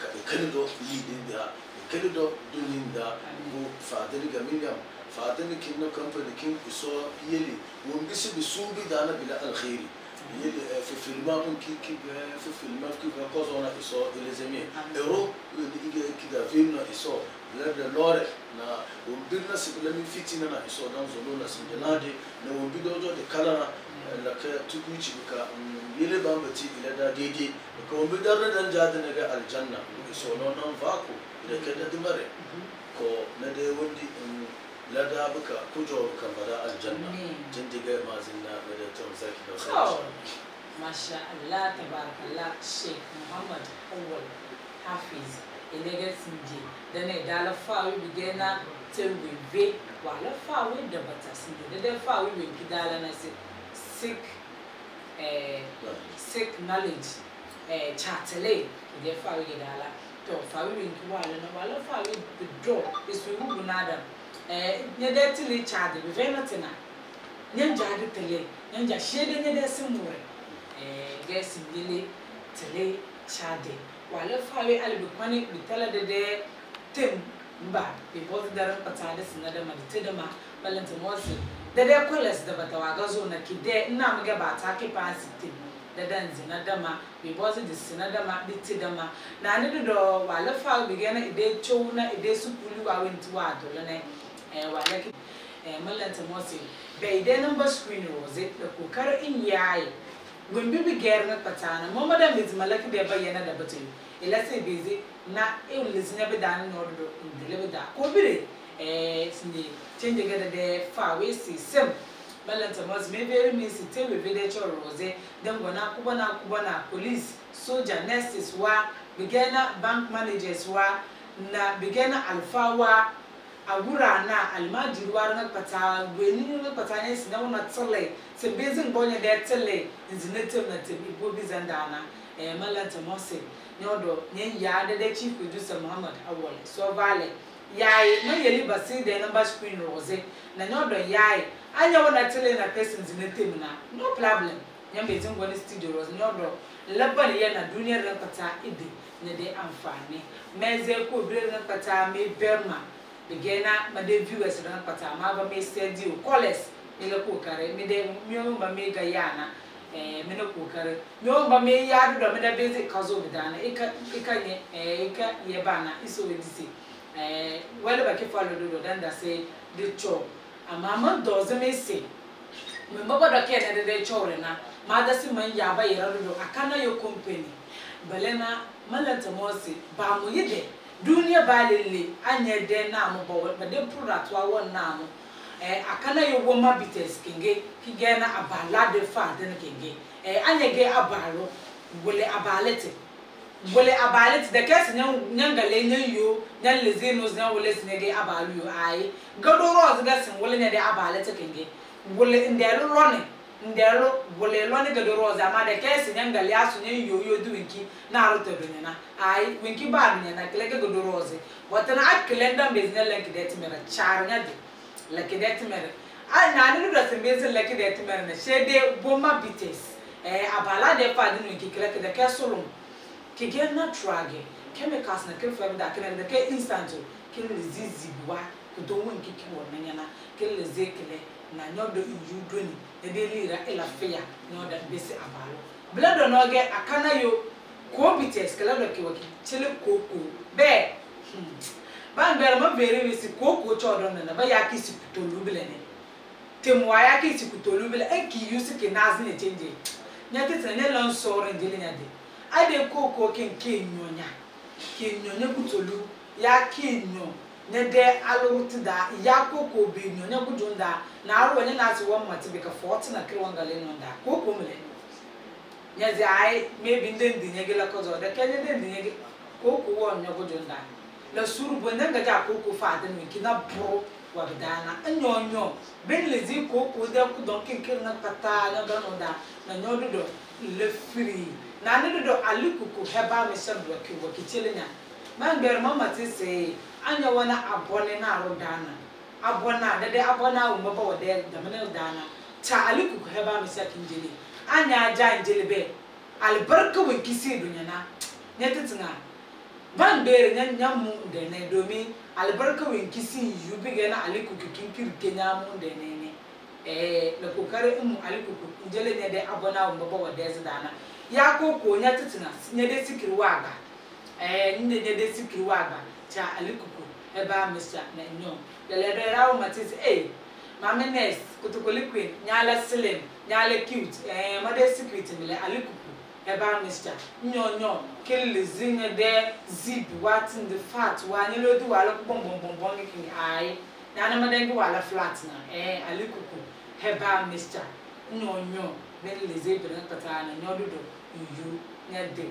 ka kalido yidin da kalido dunin da bu fadari ga min gam fadari kin no company kin iso yeli won bisi bisumbi da na bila alkhairi في فيلمات كي كي في فيلمات كي كوزونا إيصو إلى زميل إيرو كده فيلم إيصو لا لا na wombi nasib lami fitina na iso dan zolo na singelade na wombi dojo de kala eh, la ka tukuci ka mm, yele ba bati ila da dede ka wombi darra dan jada na ga aljanna iso no nan vako ila ka da dimare ko na de wondi mm, lada buka kujo ka mara aljanna tun diga mazin na da tun zaki da sai masha Allah tabarakallah Sheikh Muhammad Awal Hafiz Elegas Njie dene dala fa we bigena tembe ve wala fa we da bata sinde de de fa we we kidala na se sick eh sick knowledge eh chatele eh, de fa we kidala to fa we we wala na wala fa we the draw is we wu nada eh ne de tili chade be ve na tina nyanja de tele nyanja shede ne de simure eh gesi bile tele chade wala fa we albi kwani bitala de de tem ba bebot daren pata da sinada ma da da ma balanta motsi da dai kwalas da bata waga zo na ki dai ina muga ba ta ki fasi tem da dan zina dama bebot da sinada ma da ti na ni do do wala fa bi gana ide chow na ide su kulu wa winti wa dole ne eh wala ki eh malanta motsi bai dai nan ba screen roze da kokarin yayi gumbi bi gerna patana mo madam bizmalaki da bayyana da batu ilase bezi na ewulezina bi daa na ɔdodo ndele bi daa kobiri ɛɛ sini kyɛnjɛ gɛdɛdɛ fa wesi sɛm bɛlɛnta mɔsi mebere mi si te webe de kyɛ ɔrɔdze dɛmgbɔ na akubɔ na akubɔ na polisi soja nurses wa begɛ na bank managers wa na begɛ na alfa wa agura na alimajiri wa na pata wenu na pata ne si na wɔn na tele sɛ bezi ngbɔ nyɛ dɛ tele nzi ne tem na tem ibo bi zan daana ɛɛ eh, bɛlɛnta mɔsi nyɛ ɔdɔ nyɛ yaa dɛdɛ chief producer muhammad awɔle sɔvaale yaaye na yɛli basi dɛ namba screen rɔze na nyɛ ɔdɔ yaaye anya wɔ na tele na persons na tem na no problem nyɛ mbɛ ti nkɔ ne studio rɔze nyɛ ɔdɔ laban yɛ na duniya rɛ nkata ede na de amfani mɛnze kɔ obire rɛ nkata me bɛrima begɛ na ma de viewers rɛ nkata ma ba mɛ sɛ di o kɔlɛs mɛ lɛ kɔ kare mɛ de mɛ mɛ ba ga yaana eh mene kokarin me o ba me ya do me da bezi ka zo mi dana ika ika ye eh ika ye bana iso we disi eh wale ba ke falo do dan da se de cho ama ma do ze me se me ba ba da ke ne de cho re na ma da si man ya ba yera do akana yo company balena malanta mo se ba mo yide duniya ba lele anya de na mo ba de product wa won na mo eh, akana ye woma bites kenge kige na abala de fa de kenge eh, anyege abalo wole abalete wole abalete de kesi nyan nyan gale nyan yo nyan lezino nyan wole sinege abalu yo ai gado roz gasin wole nyade abalete kenge wole ndelo rone ndelo wole lone gado roz ama de kesi nyan gale asu nyan yo yo du winki na arote dunyana ai winki ba dunyana kelege gado roz watana akelenda mbezinele nkideti mera charnya de laki da timere a na ni da simbe sin laki da timere na she bites eh abala de fa ni ki kire ke ke sulum ki ge na trage chemicals na ke fa da kire da ke instant ki le zizi bua ku do won ki ki won nya na ke le ze kile na nyo do yu do ni e de lira ila e feya nyo da be si abalo bledo no ge akana yo bites kala do ki waki chele koko be hmm. bambela mabvere vese gogo chodonana vayaka isikutolubila ne temu wayaka isikutolubila egiyusike nazine n'ye nyatetsina nelonsore njele nyade ade kutolu ya ke nyo ne de aluti da ya koko be kudu na aru wanye na asiwa na kirwangale nonda koko mle nyazi ai maybe ndendinye N'ye kozo de kenye ndendinye koko wo la suru bonde nga ja koko fa de mi kina bro wa bidana anyo nyo ben le zi koko de ku don kin kin na tata na ga no da na nyo do le firi na ne do aliku ko heba mi sem do ki wo kitile nya man ber mama ti se anya wana abone na ro dana abona dede abona wo mba wo de da mena dana ta aliku ko heba mi sa njeli anya aja injele be albarka wo kisi dunya na nyetetinga ban bere nya nya mu dene domi albarka wen kisin yubi ga na aliku kikin kirke nya mu dene ne eh na kokare mu aliku njele ne de abona wo baba wa de zidana ya ko ko nya titina nya de sikiri wa eh nya nya de sikiri wa cha aliku e ba mr na nyom de le de rawo matis eh mame nurse kutokoli queen nya la slim nya la cute eh mother secret mele aliku ebe a mịsịcha nyọnyọ kelelezinye de zibi watin de fat wanye lodi wala kpọmbọmbọmbọ ngikin ayi na anamadenge wala flat na eh alikuku ebe a mịsịcha nyọnyọ beneleze ebere nkata na nyọdodo iyu nye de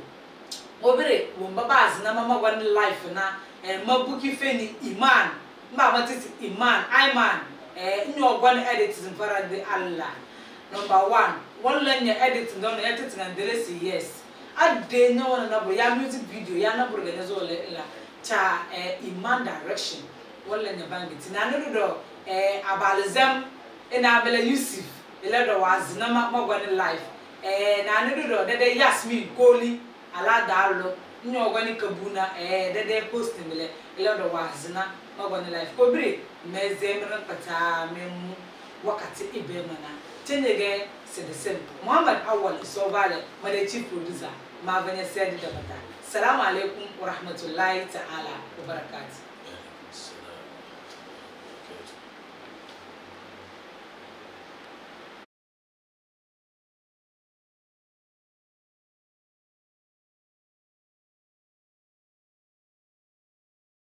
obere bụ mbabaazị na mama gwan life na eh, mabuki feni iman mba matiti iman iman eh, nyọ gwan editin fara de allah number one wɔn lɛ nyɛ edit dɔn na edit na ndere si yes ade na wɔn nabɔ ya music video ya nabɔ rɛ nyɛ zɔ lɛ la kya ɛɛ iman direction wɔn lɛ nyɛ bangi ti na ano dodo ɛɛ eh, abalizɛm ɛna abɛlɛ yusuf ɛlɛ dɔ wazi na ma mɔgɔ ne life ɛɛ eh, na ano dodo dɛdɛ yasmin koli aladaalo nyɛ ɔgɔ ne kabuna ɛɛ eh, dɛdɛ post ɛlɛ ɛlɛ dɔ wazi na mɔgɔ ne life kobiri mɛzɛ mɛrɛ pataa mɛmu wakati ibɛ mana kyɛnyɛgɛ. Citizen. Muhammad Awal Isobala, Mother Chief Producer, Marvin Sedi Dabata. Salam alaikum wa rahmatullahi ta'ala wa barakatuh.